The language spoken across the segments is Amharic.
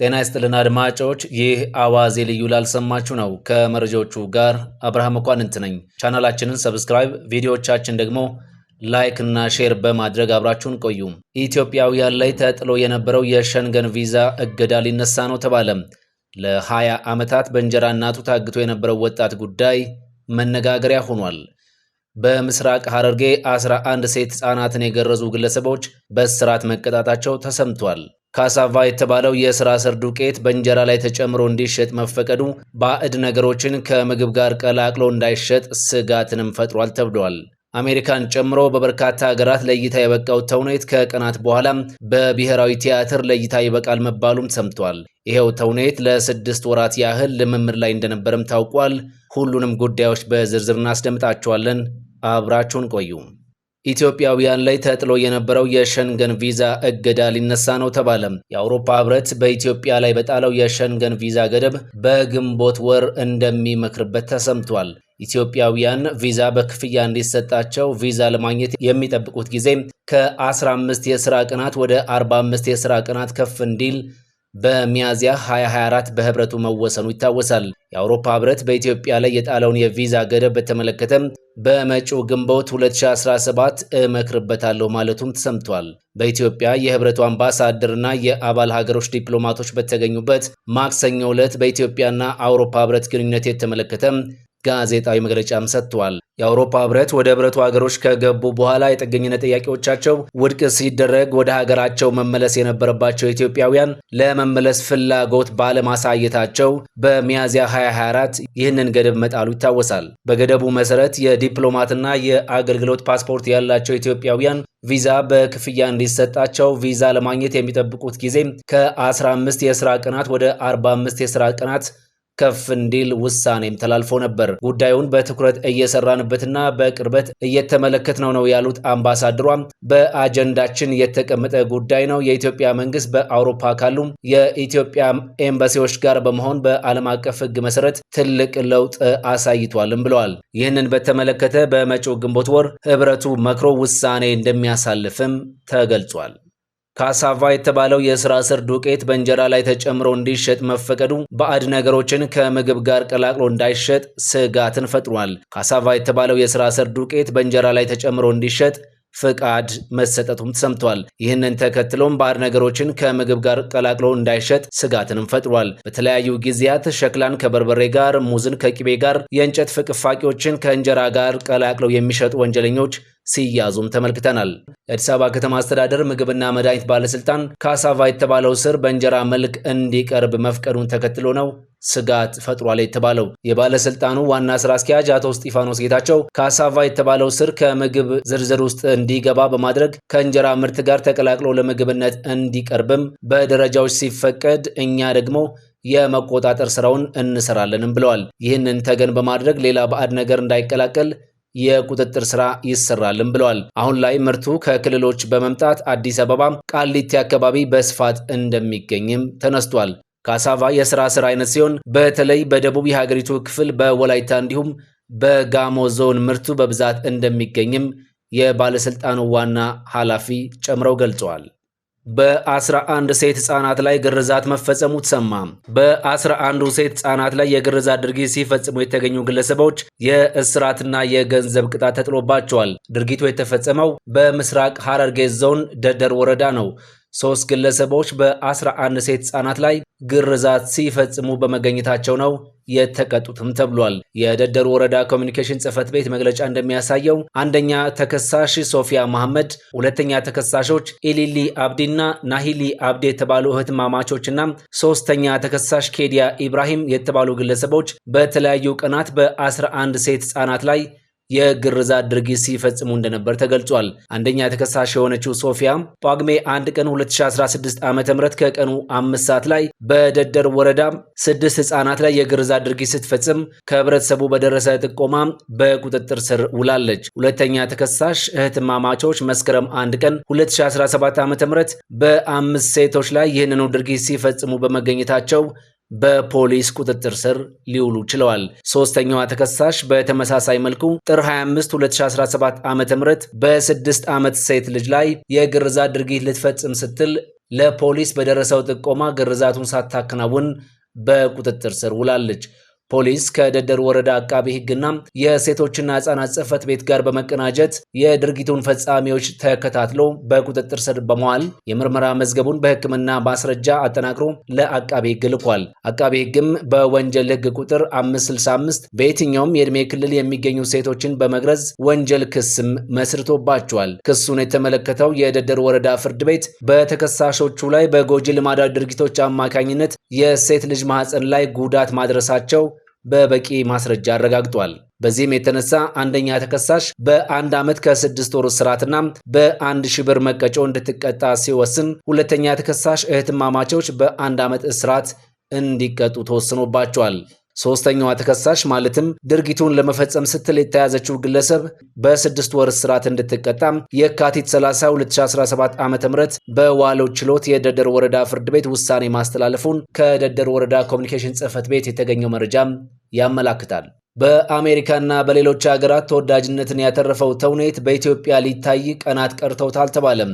ጤና ይስጥልን አድማጮች፣ ይህ አዋዜ ልዩ ላልሰማችሁ ነው። ከመረጃዎቹ ጋር አብርሃም መኳንንት ነኝ። ቻናላችንን ሰብስክራይብ፣ ቪዲዮዎቻችን ደግሞ ላይክ እና ሼር በማድረግ አብራችሁን ቆዩ። ኢትዮጵያውያን ላይ ተጥሎ የነበረው የሸንገን ቪዛ እገዳ ሊነሳ ነው ተባለ። ለ20 ዓመታት በእንጀራ እናቱ ታግቶ የነበረው ወጣት ጉዳይ መነጋገሪያ ሆኗል። በምስራቅ ሐረርጌ 11 ሴት ሕፃናትን የገረዙ ግለሰቦች በእስራት መቀጣታቸው ተሰምቷል። ካሳቫ የተባለው የስራ ስር ዱቄት በእንጀራ ላይ ተጨምሮ እንዲሸጥ መፈቀዱ ባዕድ ነገሮችን ከምግብ ጋር ቀላቅሎ እንዳይሸጥ ስጋትንም ፈጥሯል ተብሏል። አሜሪካን ጨምሮ በበርካታ ሀገራት ለእይታ የበቃው ተውኔት ከቀናት በኋላም በብሔራዊ ቲያትር ለእይታ ይበቃል መባሉም ሰምቷል። ይኸው ተውኔት ለስድስት ወራት ያህል ልምምድ ላይ እንደነበረም ታውቋል። ሁሉንም ጉዳዮች በዝርዝር እናስደምጣቸዋለን። አብራችሁን ቆዩ። ኢትዮጵያውያን ላይ ተጥሎ የነበረው የሸንገን ቪዛ እገዳ ሊነሳ ነው ተባለ። የአውሮፓ ህብረት በኢትዮጵያ ላይ በጣለው የሸንገን ቪዛ ገደብ በግንቦት ወር እንደሚመክርበት ተሰምቷል። ኢትዮጵያውያን ቪዛ በክፍያ እንዲሰጣቸው ቪዛ ለማግኘት የሚጠብቁት ጊዜ ከ15 የስራ ቀናት ወደ 45 የስራ ቀናት ከፍ እንዲል በሚያዝያ 2024 በህብረቱ መወሰኑ ይታወሳል። የአውሮፓ ህብረት በኢትዮጵያ ላይ የጣለውን የቪዛ ገደብ በተመለከተም በመጪው ግንቦት 2017 እመክርበታለሁ ማለቱም ተሰምቷል። በኢትዮጵያ የህብረቱ አምባሳደርና የአባል ሀገሮች ዲፕሎማቶች በተገኙበት ማክሰኞ ዕለት በኢትዮጵያና አውሮፓ ህብረት ግንኙነት የተመለከተ ጋዜጣዊ መግለጫም ሰጥቷል። የአውሮፓ ህብረት ወደ ህብረቱ ሀገሮች ከገቡ በኋላ የጥገኝነት ጥያቄዎቻቸው ውድቅ ሲደረግ ወደ ሀገራቸው መመለስ የነበረባቸው ኢትዮጵያውያን ለመመለስ ፍላጎት ባለማሳየታቸው በሚያዝያ 2024 ይህንን ገደብ መጣሉ ይታወሳል። በገደቡ መሰረት የዲፕሎማትና የአገልግሎት ፓስፖርት ያላቸው ኢትዮጵያውያን ቪዛ በክፍያ እንዲሰጣቸው ቪዛ ለማግኘት የሚጠብቁት ጊዜ ከ15 የስራ ቀናት ወደ 45 የስራ ቀናት ከፍ እንዲል ውሳኔም ተላልፎ ነበር። ጉዳዩን በትኩረት እየሰራንበትና በቅርበት እየተመለከት ነው ያሉት አምባሳደሯም በአጀንዳችን የተቀመጠ ጉዳይ ነው። የኢትዮጵያ መንግስት በአውሮፓ ካሉ የኢትዮጵያ ኤምባሲዎች ጋር በመሆን በዓለም አቀፍ ህግ መሰረት ትልቅ ለውጥ አሳይቷልም ብለዋል። ይህንን በተመለከተ በመጪው ግንቦት ወር ህብረቱ መክሮ ውሳኔ እንደሚያሳልፍም ተገልጿል። ካሳቫ የተባለው የስራ ስር ዱቄት በእንጀራ ላይ ተጨምሮ እንዲሸጥ መፈቀዱ ባዕድ ነገሮችን ከምግብ ጋር ቀላቅሎ እንዳይሸጥ ስጋትን ፈጥሯል። ካሳቫ የተባለው የስራ ስር ዱቄት በእንጀራ ላይ ተጨምሮ እንዲሸጥ ፍቃድ መሰጠቱም ተሰምቷል። ይህንን ተከትሎም ባዕድ ነገሮችን ከምግብ ጋር ቀላቅሎ እንዳይሸጥ ስጋትንም ፈጥሯል። በተለያዩ ጊዜያት ሸክላን ከበርበሬ ጋር፣ ሙዝን ከቂቤ ጋር፣ የእንጨት ፍቅፋቂዎችን ከእንጀራ ጋር ቀላቅለው የሚሸጡ ወንጀለኞች ሲያዙም ተመልክተናል። የአዲስ አበባ ከተማ አስተዳደር ምግብና መድኃኒት ባለስልጣን ካሳቫ የተባለው ስር በእንጀራ መልክ እንዲቀርብ መፍቀዱን ተከትሎ ነው ስጋት ፈጥሯል የተባለው። የባለስልጣኑ ዋና ስራ አስኪያጅ አቶ እስጢፋኖስ ጌታቸው ካሳቫ የተባለው ስር ከምግብ ዝርዝር ውስጥ እንዲገባ በማድረግ ከእንጀራ ምርት ጋር ተቀላቅሎ ለምግብነት እንዲቀርብም በደረጃዎች ሲፈቀድ እኛ ደግሞ የመቆጣጠር ስራውን እንሰራለንም ብለዋል። ይህንን ተገን በማድረግ ሌላ ባዕድ ነገር እንዳይቀላቀል የቁጥጥር ስራ ይሰራልም ብለዋል። አሁን ላይ ምርቱ ከክልሎች በመምጣት አዲስ አበባ ቃሊቲ አካባቢ በስፋት እንደሚገኝም ተነስቷል። ካሳቫ የስራ ስራ አይነት ሲሆን በተለይ በደቡብ የሀገሪቱ ክፍል በወላይታ እንዲሁም በጋሞ ዞን ምርቱ በብዛት እንደሚገኝም የባለስልጣኑ ዋና ኃላፊ ጨምረው ገልጸዋል። በ11 ሴት ህጻናት ላይ ግርዛት መፈጸሙ ተሰማ። 11 ሴት ህጻናት ላይ የግርዛት ድርጊት ሲፈጽሙ የተገኙ ግለሰቦች የእስራትና የገንዘብ ቅጣት ተጥሎባቸዋል። ድርጊቱ የተፈጸመው በምስራቅ ሐረርጌ ዞን ደደር ወረዳ ነው። ሶስት ግለሰቦች በ11 ሴት ህጻናት ላይ ግርዛት ሲፈጽሙ በመገኘታቸው ነው የተቀጡትም ተብሏል። የደደሩ ወረዳ ኮሚኒኬሽን ጽህፈት ቤት መግለጫ እንደሚያሳየው አንደኛ ተከሳሽ ሶፊያ መሐመድ፣ ሁለተኛ ተከሳሾች ኢሊሊ አብዲና ናሂሊ አብዲ የተባሉ እህትማማቾችና ሶስተኛ ተከሳሽ ኬዲያ ኢብራሂም የተባሉ ግለሰቦች በተለያዩ ቀናት በ11 ሴት ህጻናት ላይ የግርዛት ድርጊት ሲፈጽሙ እንደነበር ተገልጿል። አንደኛ ተከሳሽ የሆነችው ሶፊያ ጳጉሜ 1 ቀን 2016 ዓ ም ከቀኑ አምስት ሰዓት ላይ በደደር ወረዳ ስድስት ህጻናት ላይ የግርዛት ድርጊት ስትፈጽም ከህብረተሰቡ በደረሰ ጥቆማ በቁጥጥር ስር ውላለች። ሁለተኛ ተከሳሽ እህትማማቾች መስከረም 1 ቀን 2017 ዓ ም በአምስት ሴቶች ላይ ይህንኑ ድርጊት ሲፈጽሙ በመገኘታቸው በፖሊስ ቁጥጥር ስር ሊውሉ ችለዋል። ሶስተኛዋ ተከሳሽ በተመሳሳይ መልኩ ጥር 25 2017 ዓ ም በስድስት ዓመት ሴት ልጅ ላይ የግርዛት ድርጊት ልትፈጽም ስትል ለፖሊስ በደረሰው ጥቆማ ግርዛቱን ሳታከናውን በቁጥጥር ስር ውላለች። ፖሊስ ከደደር ወረዳ አቃቢ ህግና የሴቶችና ህጻናት ጽህፈት ቤት ጋር በመቀናጀት የድርጊቱን ፈጻሚዎች ተከታትሎ በቁጥጥር ስር በመዋል የምርመራ መዝገቡን በህክምና ማስረጃ አጠናክሮ ለአቃቢ ሕግ ልኳል። አቃቢ ሕግም በወንጀል ሕግ ቁጥር 565 በየትኛውም የዕድሜ ክልል የሚገኙ ሴቶችን በመግረዝ ወንጀል ክስም መስርቶባቸዋል። ክሱን የተመለከተው የደደር ወረዳ ፍርድ ቤት በተከሳሾቹ ላይ በጎጂ ልማዳዊ ድርጊቶች አማካኝነት የሴት ልጅ ማህፀን ላይ ጉዳት ማድረሳቸው በበቂ ማስረጃ አረጋግጧል። በዚህም የተነሳ አንደኛ ተከሳሽ በአንድ ዓመት ከስድስት ወር እስራትና በአንድ ሺህ ብር መቀጮ እንድትቀጣ ሲወስን፣ ሁለተኛ ተከሳሽ እህትማማቾች በአንድ ዓመት እስራት እንዲቀጡ ተወስኖባቸዋል። ሶስተኛዋ ተከሳሽ ማለትም ድርጊቱን ለመፈጸም ስትል የተያዘችው ግለሰብ በስድስት ወር እስራት እንድትቀጣ የካቲት 30 2017 ዓ ም በዋለው ችሎት የደደር ወረዳ ፍርድ ቤት ውሳኔ ማስተላለፉን ከደደር ወረዳ ኮሚኒኬሽን ጽህፈት ቤት የተገኘው መረጃ ያመላክታል። በአሜሪካና በሌሎች ሀገራት ተወዳጅነትን ያተረፈው ተውኔት በኢትዮጵያ ሊታይ ቀናት ቀርተውት አልተባለም።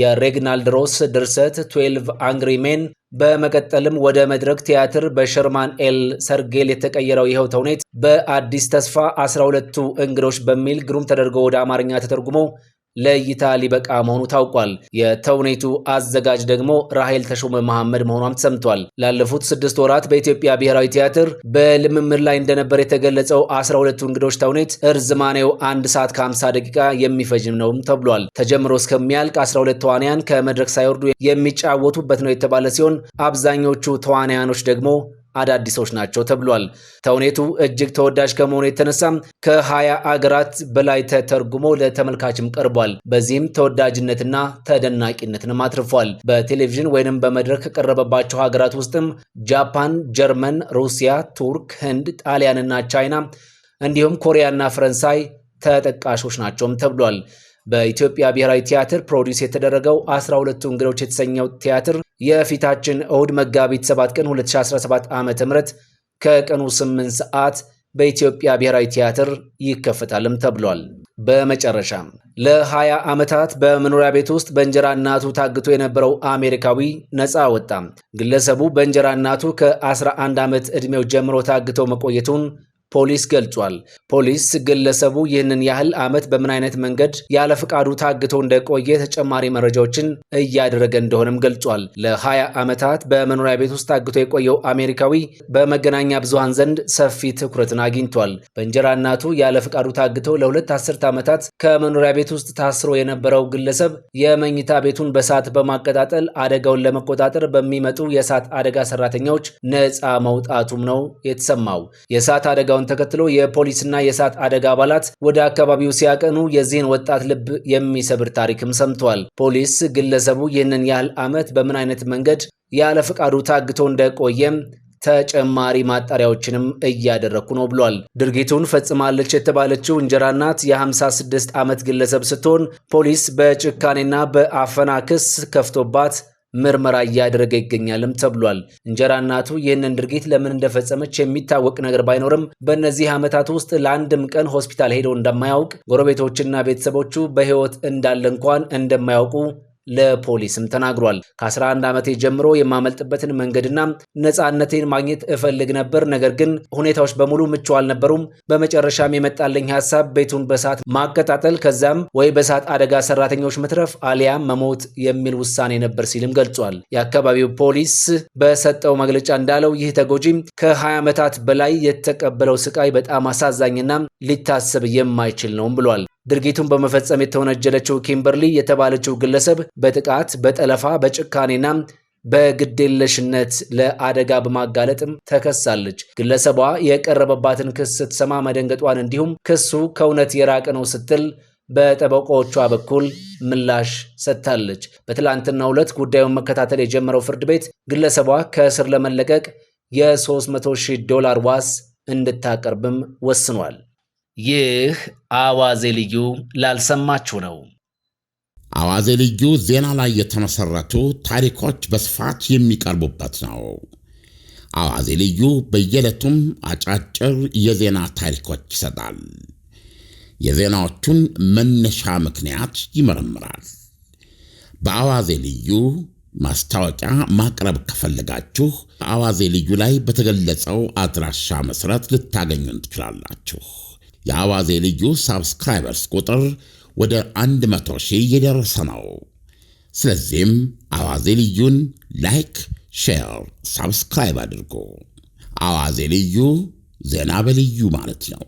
የሬግናልድ ሮስ ድርሰት ትዌልቭ አንግሪ ሜን በመቀጠልም ወደ መድረክ ቲያትር በሸርማን ኤል ሰርጌል የተቀየረው ይኸው ተውኔት በአዲስ ተስፋ አስራ ሁለቱ እንግዶች በሚል ግሩም ተደርጎ ወደ አማርኛ ተተርጉሞ ለእይታ ሊበቃ መሆኑ ታውቋል። የተውኔቱ አዘጋጅ ደግሞ ራሄል ተሾመ መሐመድ መሆኗም ተሰምቷል። ላለፉት ስድስት ወራት በኢትዮጵያ ብሔራዊ ቲያትር በልምምድ ላይ እንደነበር የተገለጸው አስራ ሁለቱ እንግዶች ተውኔት እርዝማኔው አንድ ሰዓት ከ50 ደቂቃ የሚፈጅም ነውም ተብሏል። ተጀምሮ እስከሚያልቅ 12 ተዋንያን ከመድረክ ሳይወርዱ የሚጫወቱበት ነው የተባለ ሲሆን አብዛኞቹ ተዋንያኖች ደግሞ አዳዲሶች ናቸው ተብሏል። ተውኔቱ እጅግ ተወዳጅ ከመሆኑ ከ20 አገራት በላይ ተተርጉሞ ለተመልካችም ቀርቧል። በዚህም ተወዳጅነትና ተደናቂነትንም አትርፏል። በቴሌቪዥን ወይንም በመድረክ ከቀረበባቸው ሀገራት ውስጥም ጃፓን፣ ጀርመን፣ ሩሲያ፣ ቱርክ፣ ህንድ፣ ጣሊያንና ቻይና እንዲሁም ኮሪያና ፈረንሳይ ተጠቃሾች ናቸውም ተብሏል። በኢትዮጵያ ብሔራዊ ቲያትር ፕሮዲውስ የተደረገው 12ቱ እንግዶች የተሰኘው ቲያትር የፊታችን እሁድ መጋቢት 7 ቀን 2017 ዓ ም ከቀኑ 8 ሰዓት በኢትዮጵያ ብሔራዊ ቲያትር ይከፈታልም ተብሏል። በመጨረሻም ለ20 ዓመታት በመኖሪያ ቤት ውስጥ በእንጀራ እናቱ ታግቶ የነበረው አሜሪካዊ ነፃ ወጣ። ግለሰቡ በእንጀራ እናቱ ከ11 ዓመት ዕድሜው ጀምሮ ታግቶ መቆየቱን ፖሊስ ገልጿል። ፖሊስ ግለሰቡ ይህንን ያህል ዓመት በምን አይነት መንገድ ያለ ፍቃዱ ታግቶ እንደቆየ ተጨማሪ መረጃዎችን እያደረገ እንደሆነም ገልጿል። ለ20 ዓመታት በመኖሪያ ቤት ውስጥ ታግቶ የቆየው አሜሪካዊ በመገናኛ ብዙሃን ዘንድ ሰፊ ትኩረትን አግኝቷል። በእንጀራ እናቱ ያለ ፍቃዱ ታግቶ ለሁለት አስርት ዓመታት ከመኖሪያ ቤት ውስጥ ታስሮ የነበረው ግለሰብ የመኝታ ቤቱን በእሳት በማቀጣጠል አደጋውን ለመቆጣጠር በሚመጡ የእሳት አደጋ ሰራተኞች ነፃ መውጣቱም ነው የተሰማው። የእሳት አደጋ ውጊያውን ተከትሎ የፖሊስና የእሳት አደጋ አባላት ወደ አካባቢው ሲያቀኑ የዚህን ወጣት ልብ የሚሰብር ታሪክም ሰምቷል። ፖሊስ ግለሰቡ ይህንን ያህል ዓመት በምን አይነት መንገድ ያለ ፈቃዱ ታግቶ እንደቆየም ተጨማሪ ማጣሪያዎችንም እያደረግኩ ነው ብሏል። ድርጊቱን ፈጽማለች የተባለችው እንጀራ እናት የ56 ዓመት ግለሰብ ስትሆን ፖሊስ በጭካኔና በአፈና ክስ ከፍቶባት ምርመራ እያደረገ ይገኛልም ተብሏል። እንጀራ እናቱ ይህንን ድርጊት ለምን እንደፈጸመች የሚታወቅ ነገር ባይኖርም በእነዚህ ዓመታት ውስጥ ለአንድም ቀን ሆስፒታል ሄዶ እንደማያውቅ ጎረቤቶችና ቤተሰቦቹ በሕይወት እንዳለ እንኳን እንደማያውቁ ለፖሊስም ተናግሯል። ከ11 ዓመቴ ጀምሮ የማመልጥበትን መንገድና ነፃነቴን ማግኘት እፈልግ ነበር፣ ነገር ግን ሁኔታዎች በሙሉ ምቹ አልነበሩም። በመጨረሻም የመጣለኝ ሀሳብ ቤቱን በእሳት ማቀጣጠል ከዛም ወይ በእሳት አደጋ ሰራተኞች መትረፍ አሊያም መሞት የሚል ውሳኔ ነበር ሲልም ገልጿል። የአካባቢው ፖሊስ በሰጠው መግለጫ እንዳለው ይህ ተጎጂ ከ20 ዓመታት በላይ የተቀበለው ስቃይ በጣም አሳዛኝና ሊታሰብ የማይችል ነውም ብሏል። ድርጊቱን በመፈጸም የተወነጀለችው ኪምበርሊ የተባለችው ግለሰብ በጥቃት በጠለፋ በጭካኔና በግዴለሽነት ለአደጋ በማጋለጥም ተከሳለች። ግለሰቧ የቀረበባትን ክስ ስትሰማ መደንገጧን እንዲሁም ክሱ ከእውነት የራቀ ነው ስትል በጠበቆቿ በኩል ምላሽ ሰጥታለች። በትላንትናው ዕለት ጉዳዩን መከታተል የጀመረው ፍርድ ቤት ግለሰቧ ከእስር ለመለቀቅ የ300 ሺህ ዶላር ዋስ እንድታቀርብም ወስኗል። ይህ አዋዜ ልዩ ላልሰማችሁ ነው። አዋዜ ልዩ ዜና ላይ የተመሰረቱ ታሪኮች በስፋት የሚቀርቡበት ነው። አዋዜ ልዩ በየዕለቱም አጫጭር የዜና ታሪኮች ይሰጣል። የዜናዎቹን መነሻ ምክንያት ይመረምራል። በአዋዜ ልዩ ማስታወቂያ ማቅረብ ከፈለጋችሁ በአዋዜ ልዩ ላይ በተገለጸው አድራሻ መሠረት ልታገኙን ትችላላችሁ። የአዋዜ ልዩ ሳብስክራይበርስ ቁጥር ወደ 100 ሺህ እየደረሰ ነው። ስለዚህም አዋዜ ልዩን ላይክ፣ ሼር፣ ሳብስክራይብ አድርጎ አዋዜ ልዩ ዜና በልዩ ማለት ነው።